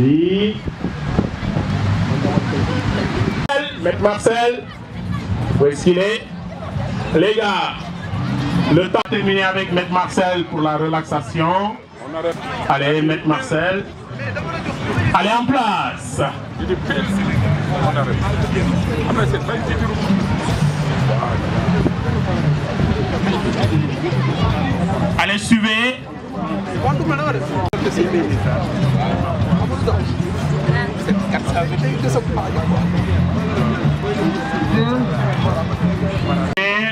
Oui. Maître Marcel, où est le temps avec Maître Marcel pour la relaxation. Allez, Maître Marcel. Allez en place. Allez, suivez. C'est mmh. 400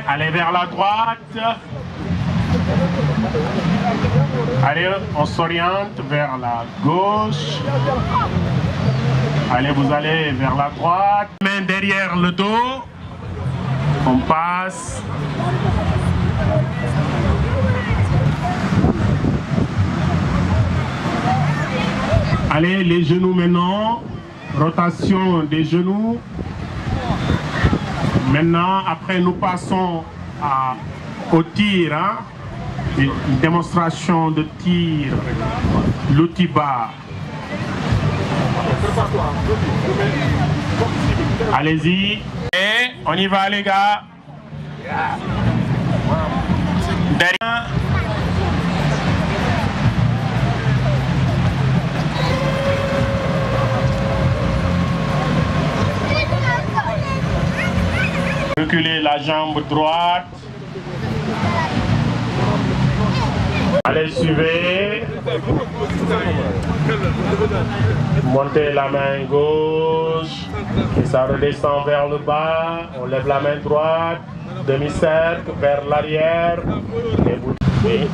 Allez vers la droite. Allez, on s'oriente vers la gauche. Allez, vous allez vers la droite. Main derrière le dos. On passe. Allez, les genoux maintenant. Rotation des genoux. Maintenant, après, nous passons au tir. Une démonstration de tir. L'outil bas. Allez-y. Et on y va, les Reculez la jambe droite. Allez, suivez. Montez la main gauche. Et ça redescend vers le bas. On lève la main droite. Demi-cercle vers l'arrière. Et vous et...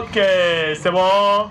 Ok, c'est bon.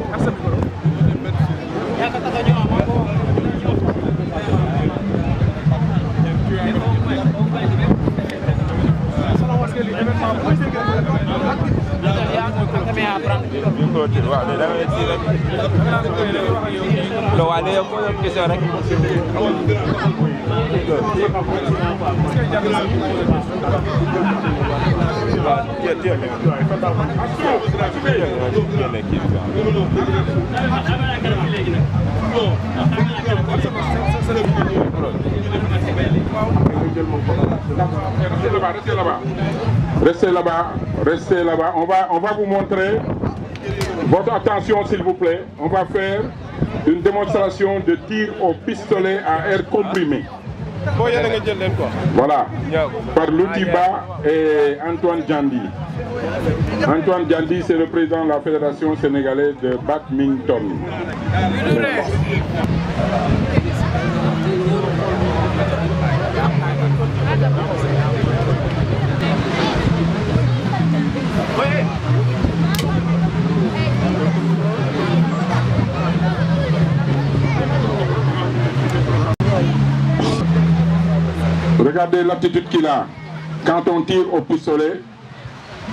waaw léegi yow boo doon question rek. Restez là-bas. Restez là-bas, restez On va, vous montrer. Votre attention, s'il vous plaît. On va faire une démonstration de tir au pistolet à air comprimé. Voilà. Par Loutiba et Antoine Djandi. Antoine Djandi, c'est le président de la Fédération sénégalaise de badminton. Regardez l'attitude qu'il a. Quand on tire au pistolet,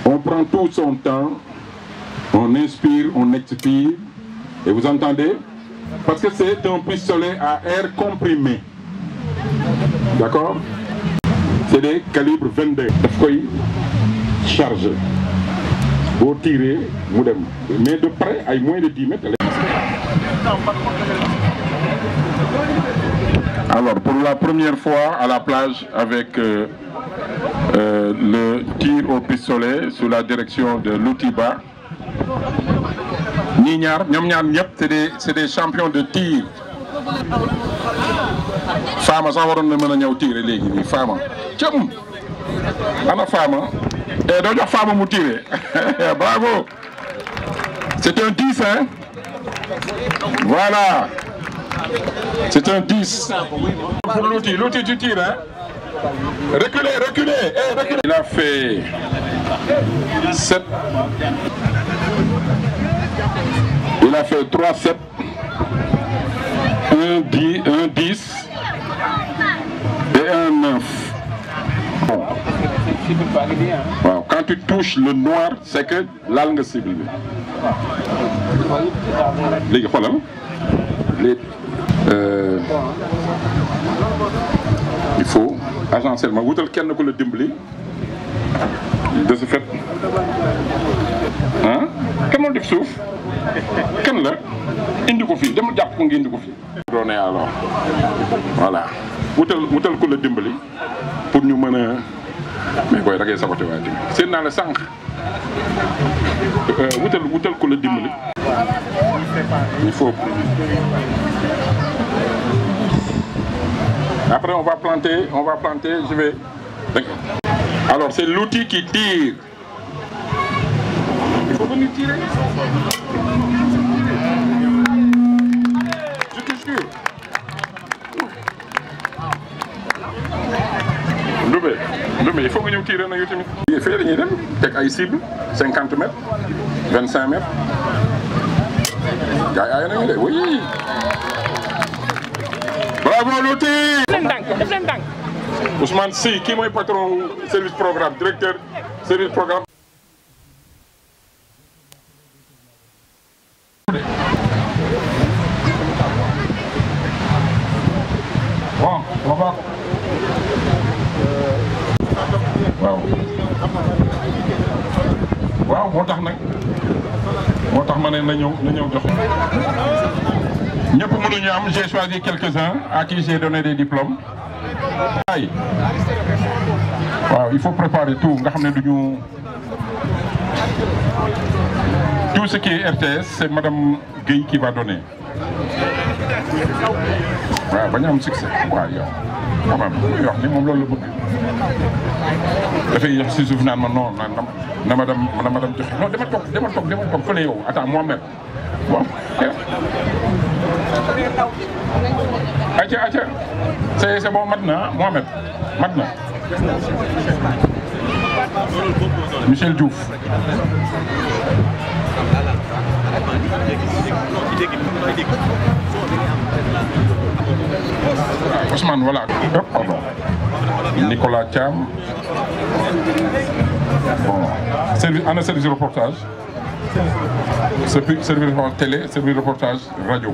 on prend tout son temps, on inspire, on expire. Et vous entendez Parce que c'est un pistolet à air comprimé. D'accord C'est des calibres 22. charge. Vous tirez, vous Mais de près, à moins de 10 mètres. Alors, pour la première fois à la plage avec euh, euh, le tir au pistolet sous la direction de Loutiba. Niñar, c'est des, des champions de tir. Fama, ça va nous tirer les gens. Fama. Tiens, Anna Fama. Et eh, donc, Fama m'a tiré. Bravo. C'est un 10, hein? Voilà. C'est un 10. Pour l'outil, l'outil Reculez, eh, reculez, Il a fait 7. Il a fait 3 7. 1 10, et 1 9. Quand tu touches le noir, c'est que l'algue cible. Les Euh, il faut agencer ma wutal kenn ku la dimbali de ce fait ah kan la indi ko fii dama jàpp ko nga indi ko fii. doone alors voilà wutal wutal ku la dimbali pour ñu mën a mais booy da ngay saboté waaye tamit seen naa la sànq euh, wutal wutal ku la dimbali il faut. Après, on va planter, on va planter, je vais... Alors, c'est l'outil qui tire. Il faut venir tirer. Je te jure. Loubé, Loubé, il faut que nous tirions. Il faut que nous tirions. Il cible, 50 mètres, 25 mètres. bravo Louty. def leen ndànk def leen ndànk. Ousmane Sy kii mooy patron service programme directeur service programme. bon on va. waaw. waaw moo tax nag moo tax ma ne na ñëw na ñëw jox ñépp ñëpp mënuñu am j'ai choisi quelques-uns à qui j'ai donné des diplômes waaw il faut préparer tout nga xam ne duñu tout ce qui est RTS c'est madame Guèye qui va donner waaw bañu am succès waaw yow xamam muy ni moom loolu la bëgg dafay yox si suuf naan ma non na na ma dem na ma dem joxe non dama toog dama toog dama toog fële yow attends Mohamed waaw acca acca c'est c'est bon mat na Mohamed mat na Michel Diouf Ousmane voilà pardon Nicolas Thiam bon service reportage service télé service reportage radio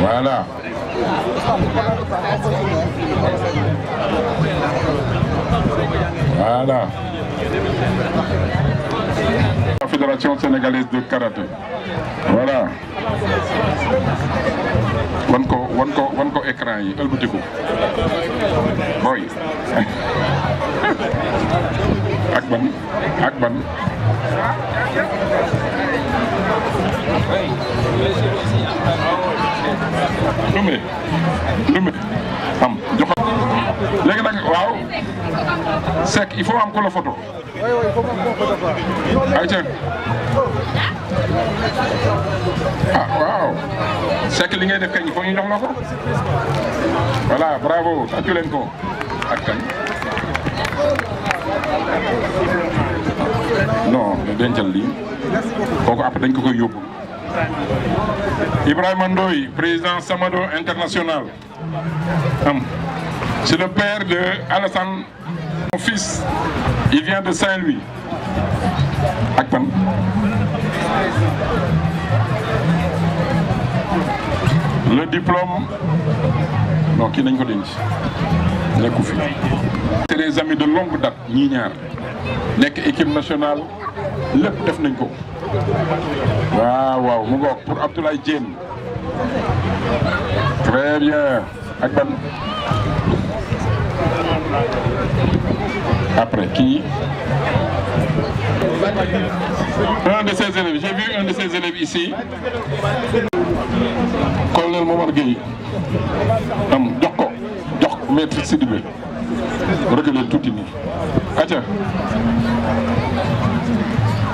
voilà voilà la fédération sénégalaise de karaté voilà wan ko wan ko écran yi ëlbatiku boy ak ban dumbe dumbe am joxo léegi nag waaw sec il faut am ko photo ay ca ah waaw sec li ngay def kañ il faut ñu jox la ko bravo tàccu leen ko ak kañ non dencal li kooku après dañ ko koy yóbbu Ibrahima Ndoye président Samado international am c'est le père de Alassane mon il vient de Saint-Louis ak pan le diplôme non kii nañ ko denc nekku fi c'est des amis de longue date ñii ñaar nekk équipe nationale lépp def nañ ko waaw waaw mu ngoog pour Abdoulaye Diène très bien ak ban après kii un de ses élèves j'ai vu un de ses élèves ici colonel Momar Gueye am jox ko jox maître Sidibé reculer tuuti nii aca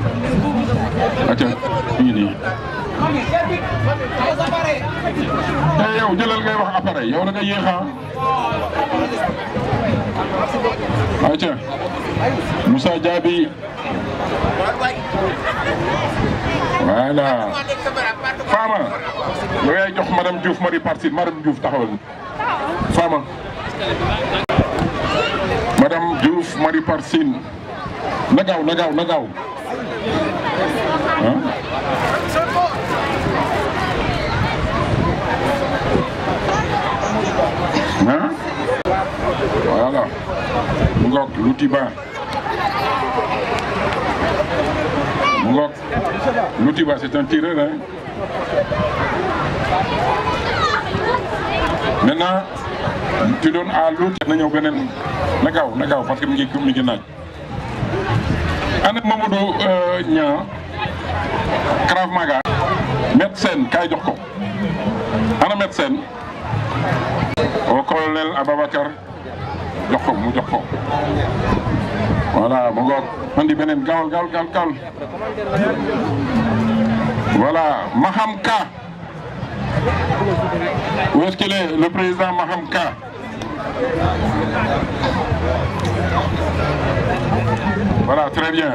acca mu ngi nii te eh, yow jëlal ngay wax après yow da nga yéex a acca Moussa Diaby voilà Fama yow yaay jox madame Diouf Marie Parti madame Diouf taxawal Fama madame Diouf Marie Parti na gaaw na ah voilà mu ngoog luuti mu ngoog luuti ba c'est un tireur hein maintenant tu donnes à luuti na ñëw beneen na gaaw na gaaw parce que mi ngi naaj ana Mamadou euh, Niang Krav Maga médecin kay jox ko ana médecin o colonel Ababacar jox ko mu jox ko voilà mu ngoog andi beneen gaawal gaawal gaawal gaawal voilà le président Maham Ka voilà très bien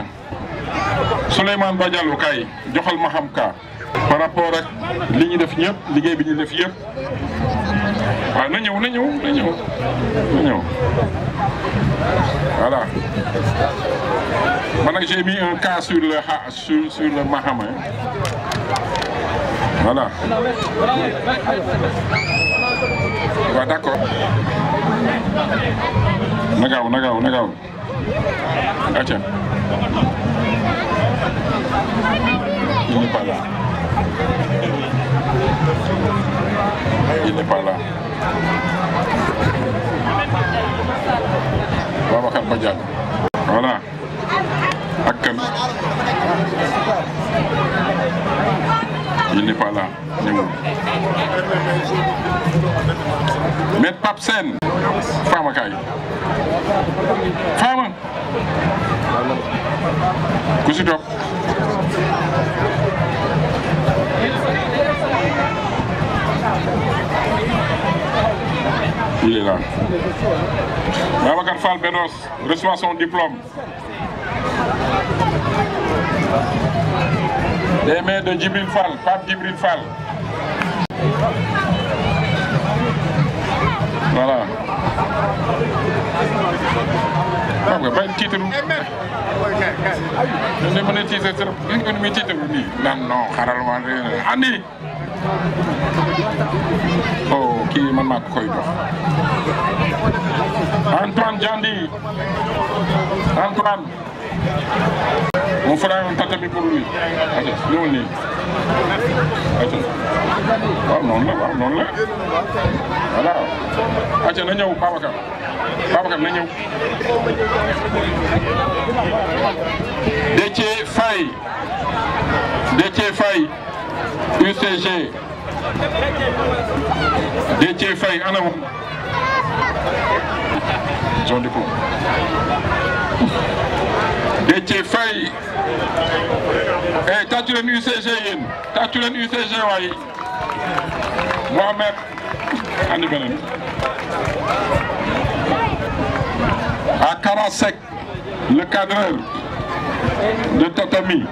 Souleymane Badialo kay joxal ma ka par rapport ak li ñu def ñëpp liggéey bi ñu def yëpp waaw na ñëw na ñëw na ñëw na ñëw voilà man nag un cas sur le sur sur le Mahama voilà waaw d'accord na gaaw na gaaw na gaaw Acha. Il n'est pas Il n'est pas là. Babacar Badiane. Voilà. ak ku si topp il est là Babacar Fall Bedos de Djibril Fall Pape Djibril Fall voilà nga bàyyi tiitaru. dañ mën a tiital trop gis nga ni muy tiitaru nii. non non andi. oh kii man maa koy jox. Antoine Diandi Antoine. mu faral tata bi pour lui. ok ñëwal nii. waaw noonu la waaw noonu la voilà acca na ñëw Babacar Babacar na ñëw Déthié Faye Déthié Faye UCG Déthié Faye ana moom John Dipo Déthié Faye eh tàccu leen UCG yéen tàccu leen UCG waaye Mohamed andi beneen à Karasek le de Tatami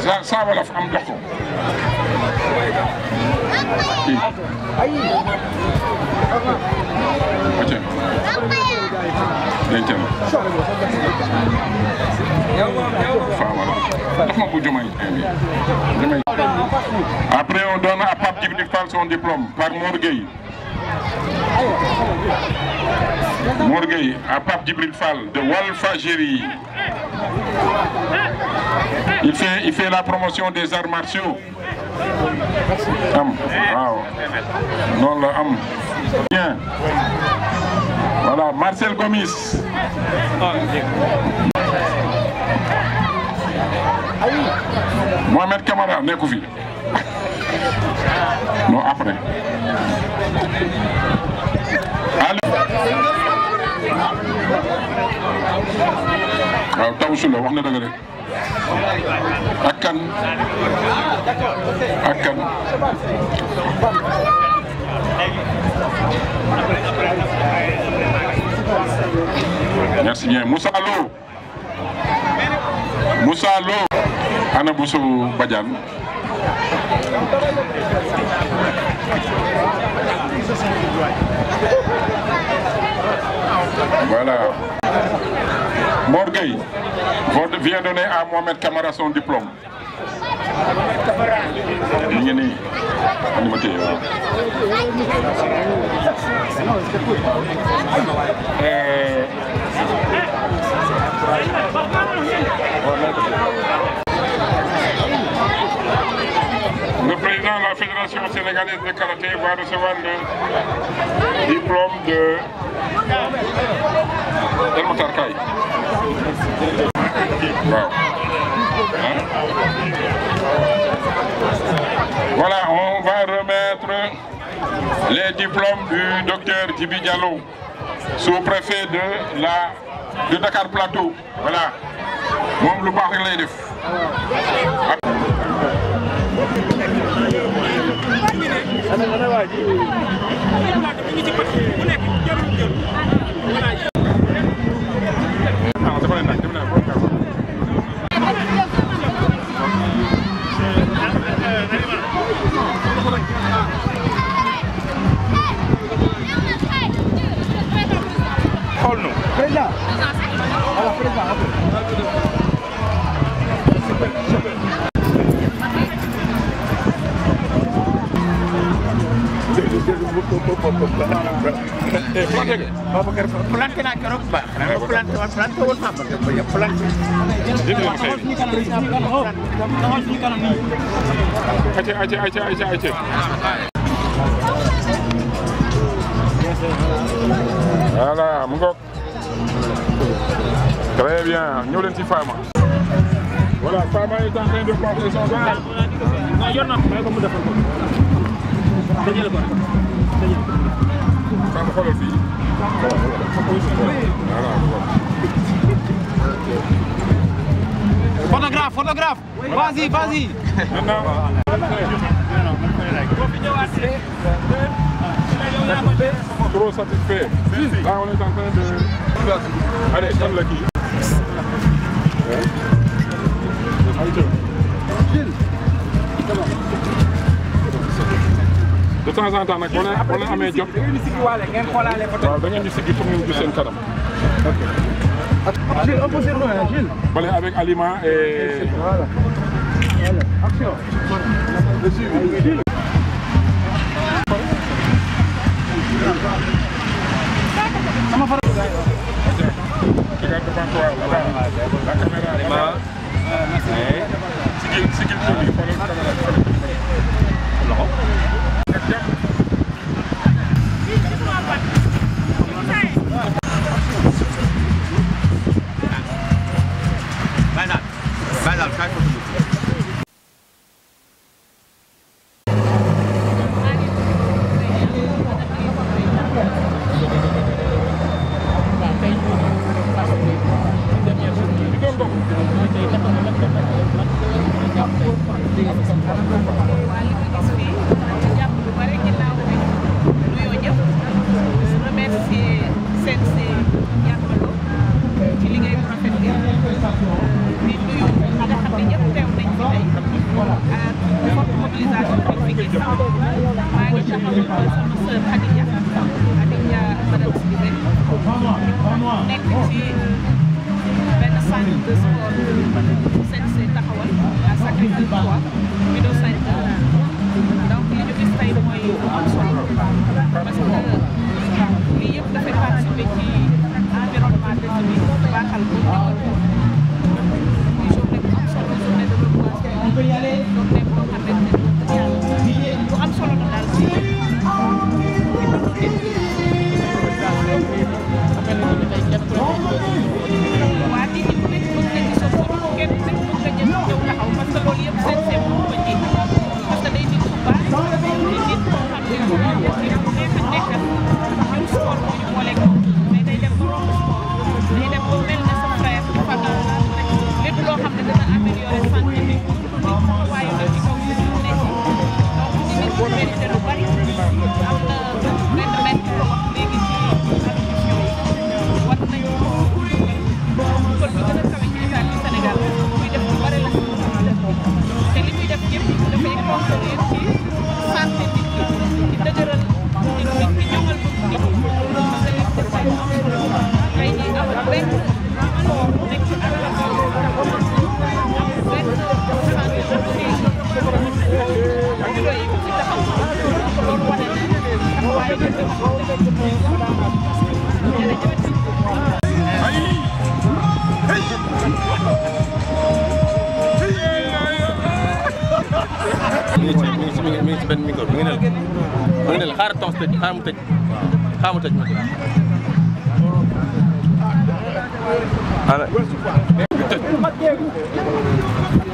sa sa wolof am dox dencal Après, on donne à Pape Djibril Fall son diplôme par Morgueil. Morgueil à Pape Djibril Fall de Walfajiri. Il fait, il fait la promotion des arts martiaux. am waaw Marcel Gomis Mohamed Camara nekku fi non après waaw Tawsu la wax na dëgg rek ak kan ak kan merci bien Moussa Lo Moussa Lo ana Voilà. Morgueil à Mohamed Camara son diplôme. ñu ngi nii animateur Le président la Fédération sénégalaise de karaté va recevoir le diplôme de El Mokhtar kaay waaw voilà on va remettre les diplômes du docteur Djibi Diallo sous-préfet de la de Dakar Plateau voilà moom lu baax rek lay def. jël jël Babacar planté naa keroog ba planté woon planté woon naa ba yëpp mu ngoog très bien ñëw leen ci Fama. voilà Fama est en train de porter son verre. non ah, yor naa ko may ko mu defal sama xoolal fii. photographe photographe. vas-y vas-y. trop satisfait. Là, on est en train de. Allez, comme le qui. temps en temps nag boo leen boo leen amee jot. waaw da ngeen di siggi pour ngeen gis seen kanam. ok. Balé avec Alima et. voilà. action. sigil sigil tuuti xoolal caméra loxo Weidal, Weidal, kein Foto. Khady mi ngi ci benn micro mi ngi ne la mi ngi ne la xaaral tos tëj xaaral mu tëj xaaral mu tëj ma tëj. ana.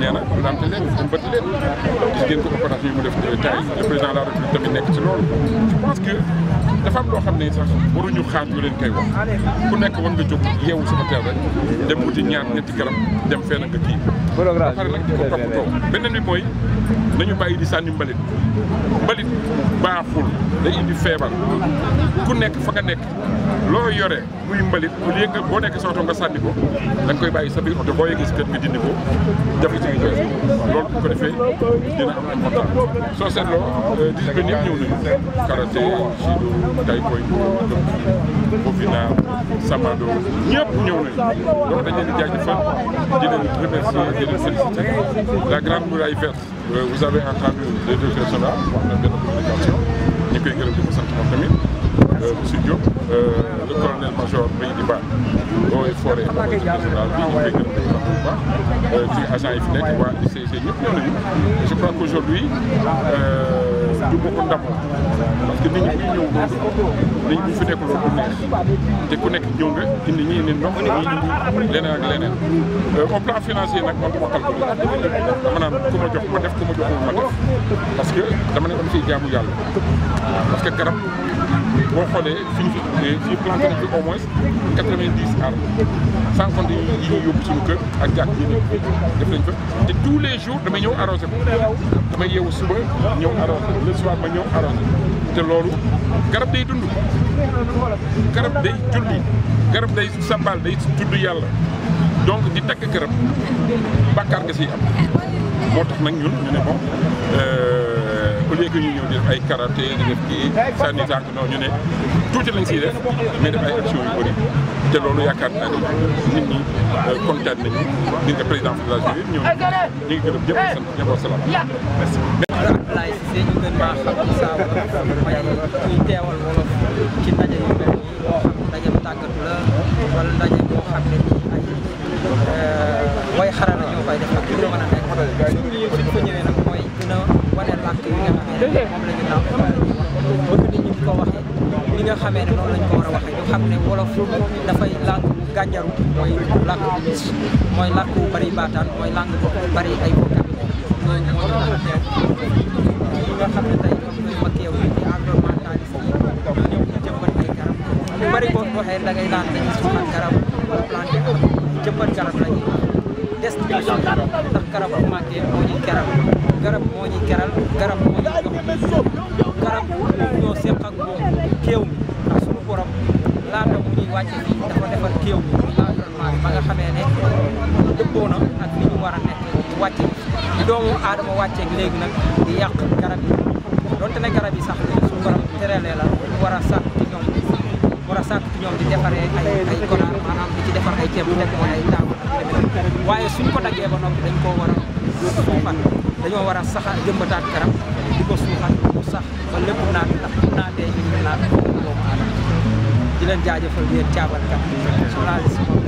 nee na présenté leen mbëtt leen gis ngeen ko opération yi mu def tay le président de la nekk ci loolu parce que dafa am loo xam ne sax waruñu xaar ñu leen koy wax ku nekk war nga jóg yeewu sama teel rek dem wuti ñaar ñetti garab dem fee na nga kii ba pare nag di ko toppatoo beneen bi mooy nañu bàyyi di sànni mbalit mbalit baaxul day indi feebar ku nekk fa ka nekk loo yore muy mbalit bu léegi nga boo nekkee sa oto nga sànni ko da koy bàyyi sa biir oto boo yeggee si kër nga dindi ko jafe si nga joxe loolu bu ko defee dina am ay kontaan soo seetloo discipline euh, yëpp ñëw nañu karaté judo taekwondo bovina samado ñëpp ñëw nañu donc dañ leen di jaajëfal di leen remercier di leen féliciter la grande muraille verte euh, vous avez entendu les deux personnes là wax na benn communication ñu koy gërëm di ko sant moom tamit Euh, monsieur Diop euh, le colonel major Baye Diba eaux o forêt mooy général bi ñu ngi koy gërëm bu euh, agent yi fi nekk waa UCG ñëpp ñëw nañu je crois que aujourd'hui du ma ko ndamoo parce que nit ñi ñëw loolu nit ñi fi nekk loolu du ku nekk ñëw nga ñu ñi indi ndox ñi indi leneen ak leneen au plan financier nag man du ma calculer dama naan ku ma jox ma def ku ma joxul parce que dama ne dama siy jaamu yàlla parce que garab. boo xoolee fi ñu fi fii planté nañ fi au moins quatre vingt dix arbres sans compter yi yóbbu suñu kër ak jàkk yi nekk def nañ fa te tous les jours damay ñëw arrosé ko damay yeewu suba ñëw arrosé le soir ma ñëw arrosé te loolu garab day dund garab day julli garab day sabal day tudd yàlla donc di takk garab bàkkaar nga siy am moo tax nag ñun ñu ne bon euh, au lieu que ñu ñëw di def ay karaté di def kii sànni tànk non ñu ne tuuti lañ siy def mais def ay action yu bëri te loolu yaakaar naa ni nit ñi euh, kontaan nañu di nga président de la République ñëw ñu ngi gërëm ñëpp di sant ñëpp wasalaam merci. Ablaye Cissé ñu gën maa xam ci Saa Wolof may ñuy teewal wolof ci ndaje yu mel nii moo xam ndaje tàggatu la wala ndaje boo xam ne nii ay way xaral moom la ñu naan bëgg nit ñi di ko waxee ni nga xamee ne noonu la ñu ko war a waxee ñu xam ne wolof dafay làkk gànjaru mooy làkk bu mooy làkk bu bari baataan mooy làkk bu bari ay bokkam ñooñu moo ñu tax ñi nga xam ne tey ñoom ñooy makkeew yi di environnementaliste yi ñëw ñu jëmbat ay garab ñu bari boo ko waxee da ngay naan dañuy soxla garab wala planté garab jëmbat garab ñuy garab garab moo ñuy keral garab moo ñuy jox garab ñoo seq ak moom kéew mi ak suñu borom laata mu ñuy wàcce fii dafa defar kéew mi environnement bi ba nga xamee ne dëppoo na ak li ñu war a nekk di wàcce bi doomu aadama wàcceeg léegi nag di yàq garab yi donte ne garab yi sax suñu borom teralee la war a sàkk ci ñoom war a sàkk ci ñoom di defaree ay ay konaar maanaam di ci defar ay ceeb bu nekk wala ay taamu ak waaye suñ ko daggee ba noppi dañ koo war a suufat dañoo war a saxa jëmbataat di ko suuxat bu sax ba lépp naat ndax bu naatee ñu ngi naat doomu aadama di leen jaajëfal yéen caabarkat journaliste